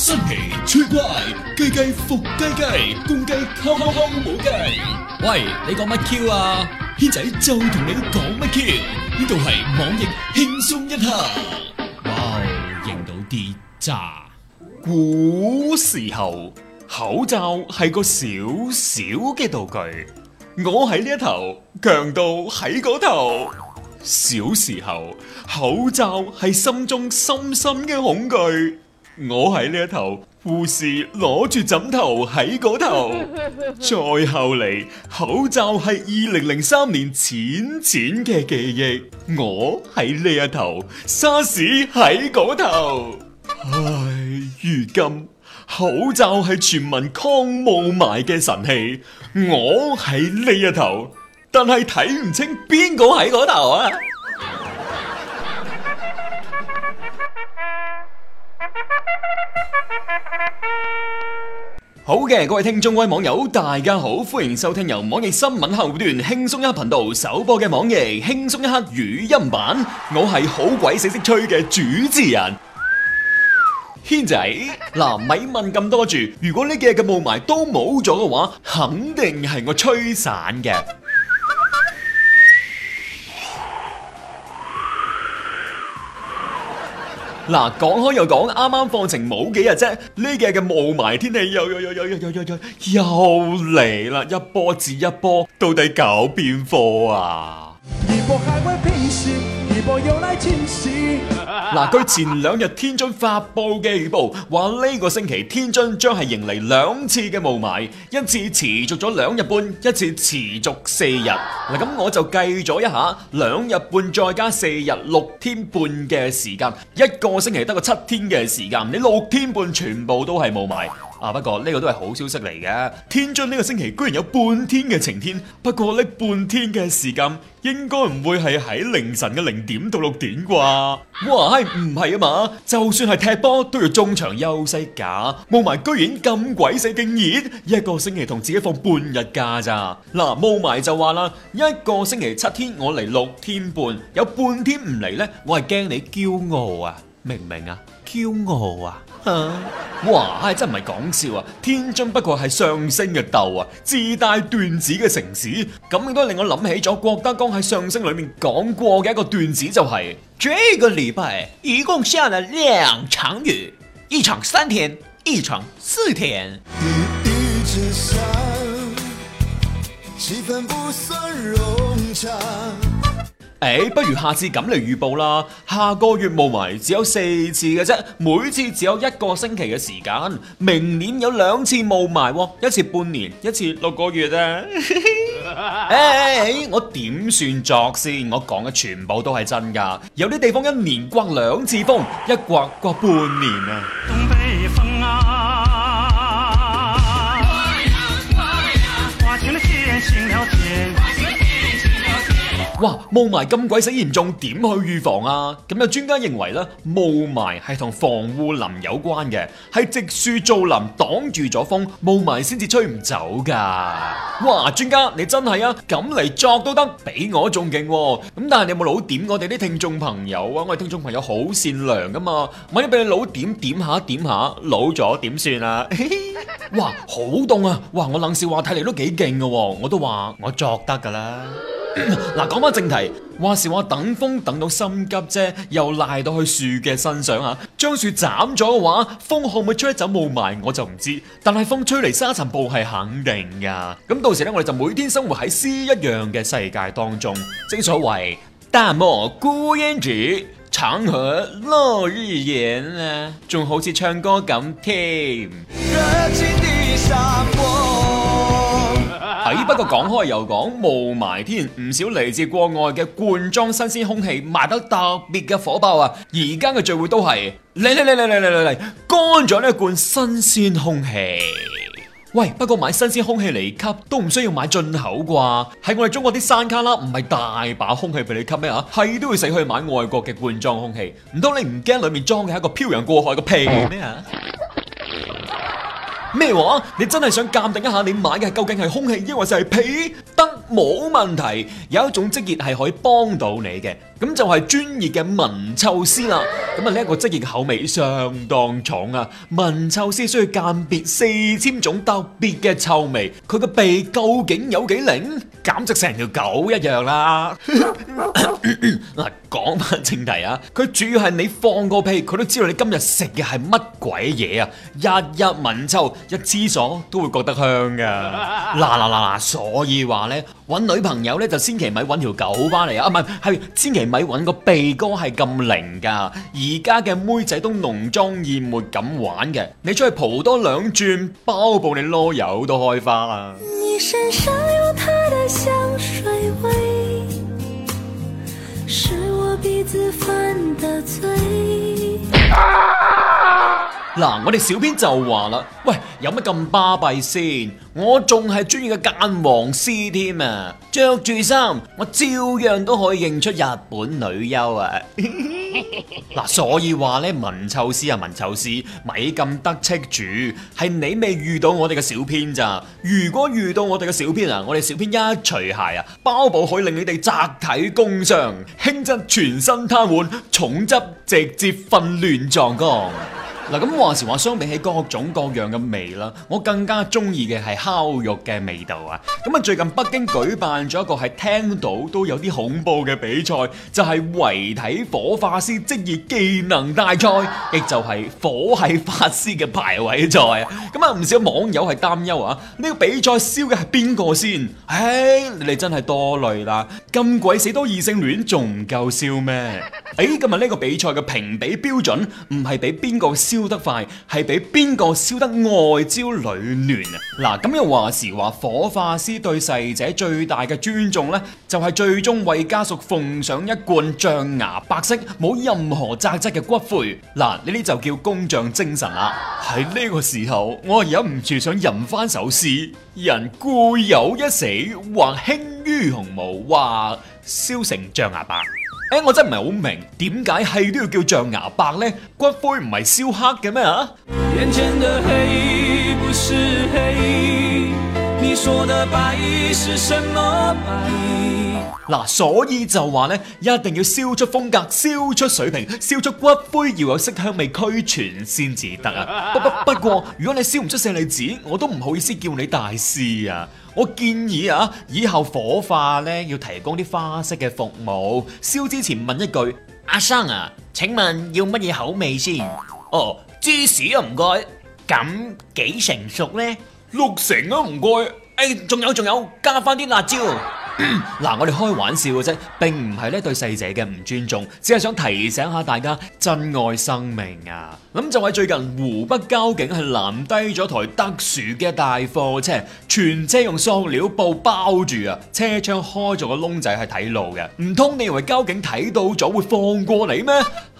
新奇脆怪、脆快，雞雞伏雞雞，公雞扣扣扣冇雞。喂，你講乜 Q 啊？軒仔就同你講乜 Q？呢度係網易輕鬆一刻。哇，認到啲渣。古時候，口罩係個小小嘅道具。我喺呢一頭，強盜喺嗰頭。小時候，口罩係心中深深嘅恐懼。我喺呢一頭，護士攞住枕頭喺嗰頭。 再後嚟，口罩係二零零三年淺淺嘅記憶。我喺呢一頭，沙士喺嗰頭。唉，如今口罩係全民抗霧霾嘅神器。我喺呢一頭，但係睇唔清邊個喺嗰頭啊！好嘅，各位聽眾、各位網友，大家好，歡迎收聽由網易新聞客戶端輕鬆一刻頻道首播嘅網易輕鬆一刻語音版，我係好鬼死識吹嘅主持人軒仔。嗱，咪問咁多住，如果呢幾日嘅霧霾都冇咗嘅話，肯定係我吹散嘅。嗱，講開又講，啱啱放晴冇幾日啫，呢幾日嘅霧霾天氣又又又又又又又又又嚟啦，一波接一波，到底搞邊科啊？而嗱，據、啊、前兩日天，天津發布嘅預報，話呢個星期天津將係迎嚟兩次嘅霧霾，一次持續咗兩日半，一次持續四日。嗱、啊，咁、啊、我就計咗一下，兩日半再加四日，六天半嘅時間，一個星期得個七天嘅時間，你六天半全部都係霧霾。啊！不過呢個都係好消息嚟嘅。天津呢個星期居然有半天嘅晴天，不過呢半天嘅時間應該唔會係喺凌晨嘅零點到六點啩。哇！唉，唔係啊嘛，就算係踢波都要中場休息㗎。霧霾居然咁鬼死敬業，一個星期同自己放半日假咋？嗱，霧霾就話啦，一個星期七天我嚟六天半，有半天唔嚟呢，我係驚你驕傲啊，明唔明啊？驕傲啊！吓、啊，哇！唉，真唔係講笑啊！天津不愧係相聲嘅都啊，自帶段子嘅城市。咁亦都令我諗起咗郭德綱喺相聲裏面講過嘅一個段子，就係、是：這個禮拜一共下了兩場雨，一場三天，一場四天。一地之上，氣氛不算融洽。誒、欸，不如下次咁嚟預報啦。下個月霧霾只有四次嘅啫，每次只有一個星期嘅時間。明年有兩次霧霾，哦，一次半年，一次六個月啊。誒 欸，我點算作先？我講嘅全部都係真噶。有啲地方一年刮兩次風，一刮，刮刮半年啊。東北風啊。哇，霧霾咁鬼死嚴重，點去預防啊？咁有專家認為咧，霧霾係同防護林有關嘅，係植樹造林擋住咗風，霧霾先至吹唔走噶。哇，專家你真係啊，咁嚟作都得，比我仲勁喎。咁但係你有冇老點我哋啲聽眾朋友啊？我哋聽眾朋友好善良噶嘛，萬一俾你老點點下點下，老咗點算啊？ 哇，好凍啊！哇，我冷笑話，睇嚟都幾勁噶，我都話我作得噶啦。嗱，講翻 正題，話時話，等風等到心急啫，又賴到去樹嘅身上啊！將樹斬咗嘅話，風可唔可以吹走霧霾我就唔知，但係風吹嚟，沙塵暴係肯定噶。咁到時咧，我哋就每天生活喺詩一樣嘅世界當中。正所謂大漠孤煙直，長河落日圓啊，仲好似唱歌咁添。只不過講開又講，霧霾天唔少嚟自國外嘅罐裝新鮮空氣賣得特別嘅火爆啊！而家嘅聚會都係嚟嚟嚟嚟嚟嚟嚟嚟，乾咗呢一罐新鮮空氣。喂，不過買新鮮空氣嚟吸都唔需要買進口啩？喺我哋中國啲山卡啦，唔係大把空氣俾你吸咩？啊？係都要死去買外國嘅罐裝空氣。唔通你唔驚裏面裝嘅係一個漂洋過海嘅屁咩？啊？咩話？你真係想鑑定一下你買嘅究竟係空氣，抑或係屁？得，冇問題，有一種職業係可以幫到你嘅。咁就係專業嘅聞臭師啦。咁啊，呢一個職業嘅口味相當重啊。聞臭師需要鑑別四千種特別嘅臭味，佢個鼻究竟有幾靈？簡直成條狗一樣啦，啊！嗱， 講翻正題啊，佢主要係你放個屁，佢都知道你今日食嘅係乜鬼嘢啊！日日聞臭，一廁所都會覺得香噶。嗱嗱嗱，所以話咧。搵女朋友咧，就千祈咪搵條狗翻嚟啊！唔、啊、係，係千祈咪搵個鼻哥係咁靈噶。而家嘅妹仔都濃妝艷抹咁玩嘅，你出去蒲多兩轉，包保你囉柚都開花啦！你身上有他的香水味，是我鼻子犯的罪！嗱，我哋小編就話啦，喂。有乜咁巴閉先？我仲係專業嘅鑑黃師添啊！着住衫，我照樣都可以認出日本女優啊！嗱、 啊，所以話呢，聞臭師啊，聞臭師，咪咁得戚住，係你未遇到我哋嘅小編咋？如果遇到我哋嘅小編啊，我哋小編一除鞋啊，包保可以令你哋集體工傷，輕則全身癱瘓，重則直接混亂撞缸。嗱，咁話時話相比起各種各樣嘅味啦，我更加中意嘅係烤肉嘅味道啊！咁啊，最近北京舉辦咗一個係聽到都有啲恐怖嘅比賽，就係遺體火化師職業技能大賽，亦就係火系法師嘅排位賽啊。咁啊，唔少網友係擔憂啊，呢個比賽燒嘅係邊個先？唉，你哋真係多慮啦！咁鬼死多異性戀仲唔夠燒咩？誒，今日呢個比賽嘅評比標準唔係比邊個燒燒得快係俾邊個燒得外焦裏嫩啊！嗱，咁又話時話火化師對逝者最大嘅尊重呢，就係、是、最終為家屬奉上一罐象牙白色冇任何雜質嘅骨灰。嗱，呢啲就叫工匠精神啦。喺呢個時候，我忍唔住想吟翻首詩：人固有一死，或輕於鴻毛，或燒成象牙白。誒、欸，我真唔係好明，點解係都要叫象牙白呢？骨灰唔係燒黑嘅咩啊？眼前嘅黑不是黑，你說的白是什麼白？嗱、啊，所以就話咧，一定要燒出風格、燒出水平、燒出骨灰，要有色香味俱全先至得啊！不不不過，如果你燒唔出舍利子，我都唔好意思叫你大師啊！我建議啊，以後火化咧要提供啲花式嘅服務，燒之前問一句：阿、啊、生啊，請問要乜嘢口味先？哦，芝士啊唔該，咁幾成熟呢？六成啊唔該。哎、仲有仲有，加翻啲辣椒。嗱、嗯，我哋開玩笑嘅啫，並唔係咧對細姐嘅唔尊重，只係想提醒下大家珍愛生命啊。咁就係最近湖北交警係攔低咗台特殊嘅大貨車，全車用塑料布包住啊，車窗開咗個窿仔係睇路嘅。唔通你以為交警睇到咗會放過你咩？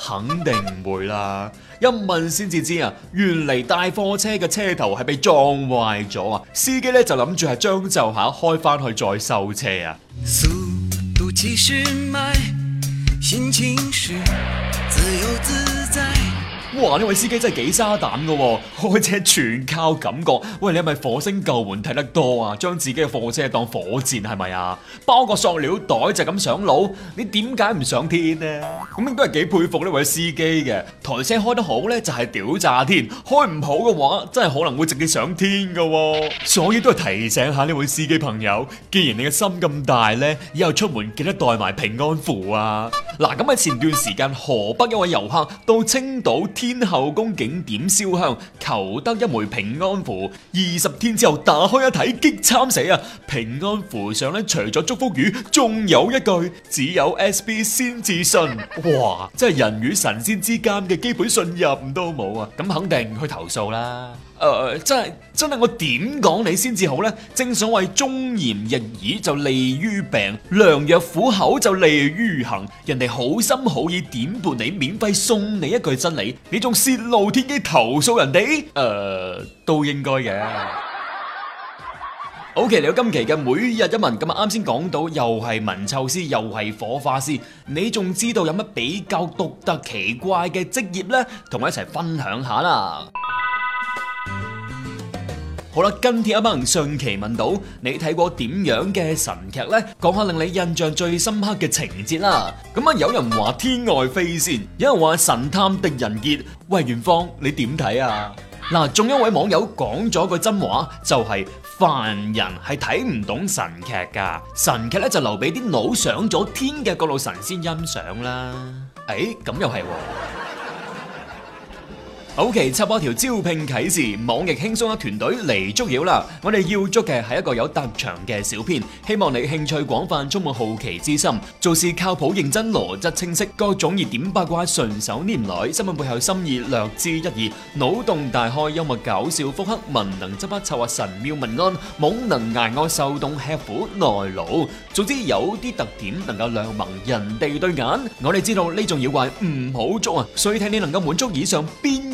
肯定唔會啦。 一問先至知啊，原嚟大貨車嘅車頭係被撞壞咗啊！司機咧就諗住係將就下開返去再修車啊。 哇！呢位司機真係幾沙膽噶、哦，開車全靠感覺。喂，你係咪火星救援睇得多啊？將自己嘅貨車當火箭係咪啊？包個塑料袋就咁、是、上路，你點解唔上天呢？咁都係幾佩服呢位司機嘅。台車開得好呢，就係、是、屌炸天；開唔好嘅話，真係可能會直接上天噶、哦。所以都係提醒下呢位司機朋友，既然你嘅心咁大呢，以後出門記得帶埋平安符啊。嗱、啊，咁喺前段時間，河北一位遊客到青島。天后宮景點燒香，求得一枚平安符。二十天之後打開一睇，激慘死啊！平安符上咧除咗祝福語，仲有一句：只有 SB 先至信。哇！真係人與神仙之間嘅基本信任都冇啊，咁肯定去投訴啦。誒、呃，真係真係，我點講你先至好呢？正所謂忠言逆耳就利於病，良藥苦口就利於行。人哋好心好意點撥你，免費送你一句真理，你仲泄露天機投訴人哋？誒、呃，都應該嘅。OK，嚟到今期嘅每日一問，今日啱先講到又係聞臭師，又係火化師，你仲知道有乜比較獨特、奇怪嘅職業呢？同我一齊分享下啦～好啦，跟帖一班人上期問到你睇過點樣嘅神劇呢？講下令你印象最深刻嘅情節啦。咁啊，有人話《天外飛仙》，有人話《神探狄仁傑》。喂，元芳，你點睇啊？嗱，仲有一位網友講咗句真話，就係凡人係睇唔懂神劇噶，神劇咧就留俾啲腦上咗天嘅各路神仙欣賞啦。誒，咁又係喎。好，插播一條招聘啟事，網易輕鬆嘅團隊，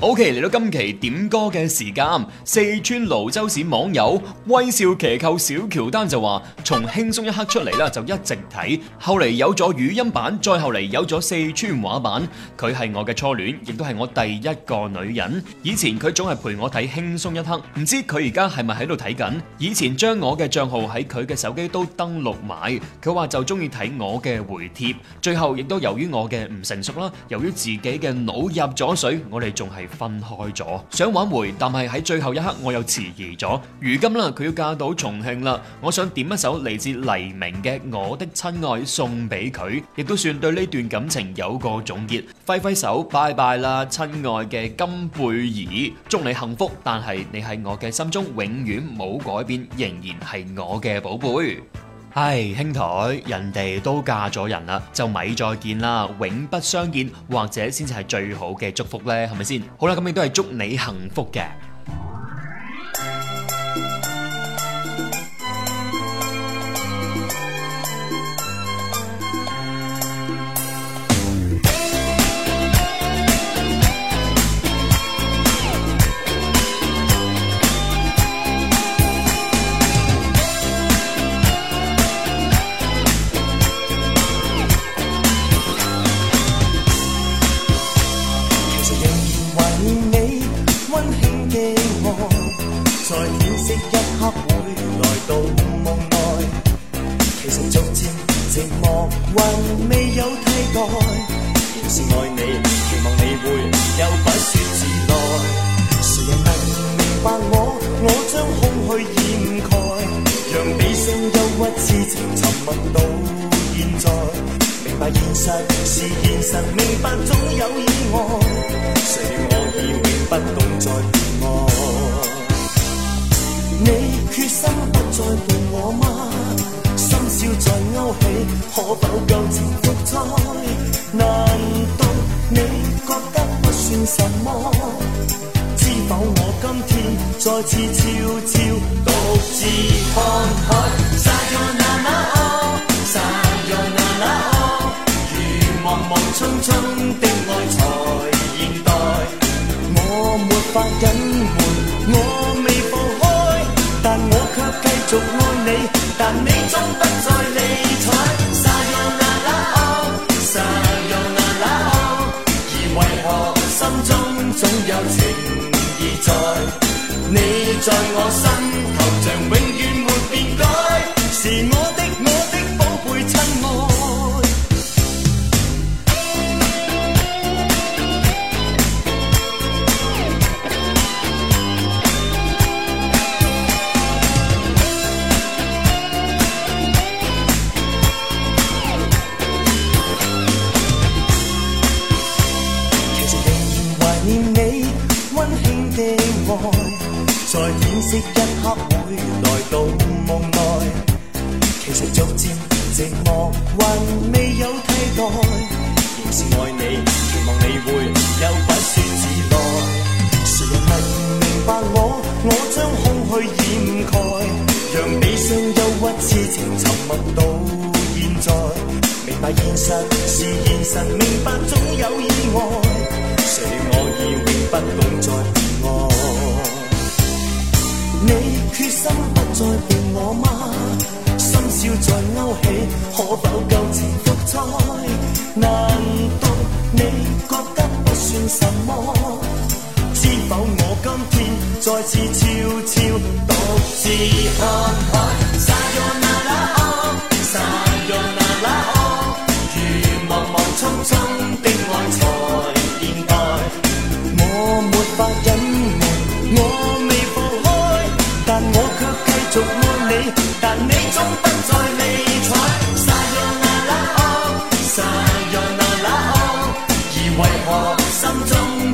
O.K. 嚟到今期點歌嘅時間，四川瀘州市網友威少騎扣小喬丹就話：從輕鬆一刻出嚟啦，就一直睇。後嚟有咗語音版，再後嚟有咗四川話版。佢係我嘅初戀，亦都係我第一個女人。以前佢總係陪我睇輕鬆一刻，唔知佢而家係咪喺度睇緊。以前將我嘅賬號喺佢嘅手機都登錄埋，佢話就中意睇我嘅回帖。最後亦都由於我嘅唔成熟啦，由於自己嘅腦入咗水，我哋仲係。分開咗，想挽回，但係喺最後一刻我又遲疑咗。如今啦，佢要嫁到重慶啦，我想點一首嚟自黎明嘅《我的親愛》送俾佢，亦都算對呢段感情有個總結。揮揮手，拜拜啦，親愛嘅金貝兒，祝你幸福。但係你喺我嘅心中永遠冇改變，仍然係我嘅寶貝。唉，兄台，人哋都嫁咗人啦，就咪再見啦，永不相見或者先至係最好嘅祝福呢？係咪先？好啦，咁亦都係祝你幸福嘅。痴情沉默到現在，明白現實是現實，明白總有意外。誰料我已永不懂再變改。 你決心不再伴我嗎？心笑再勾起，可否舊情復再？難道你覺得不算什麼？知否我今天再次悄悄獨自看海，撒喲娜娜哦，撒喲娜娜哦，如茫茫匆匆的愛才現代，我沒法隱瞞，我未放開，但我卻繼續愛你，但你終不再。在我心頭，像永遠沒變改。是仍是愛你，期望你會又不説自來。誰人能明白我？我將空虛掩蓋，讓悲傷憂鬱、痴情、沉默到現在。明白現實是現實，明白總有意外。誰料我已永不懂再愛？ 你決心不再愛我嗎？心笑再勾起，可否舊情復再？難道你覺得不算什麼？知否我今天再次悄悄獨自看。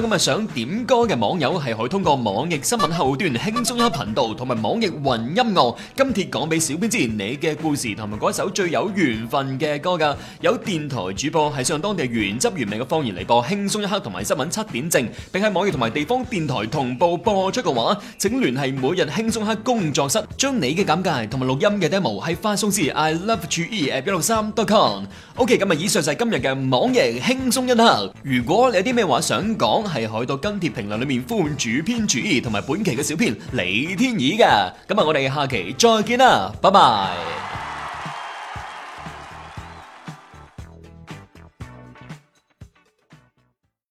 今日想點歌嘅網友係可以通過網易新聞後端輕鬆一刻頻道同埋網易雲音樂，今次講俾小編知你嘅故事同埋嗰首最有緣分嘅歌噶。有電台主播係上當地原汁原味嘅方言嚟播輕鬆一刻同埋新聞七點正，並喺網易同埋地方電台同步播出嘅話，請聯繫每日輕鬆一刻工作室，將你嘅簡介同埋錄音嘅 demo 喺發送至 i love g e at 163 dot com。OK，咁啊以上就係今日嘅網易輕鬆一刻。如果你有啲咩話想講，係海盜跟帖評論裏面呼喚主編主同埋本期嘅小編李天意嘅，咁啊我哋下期再見啦，拜拜。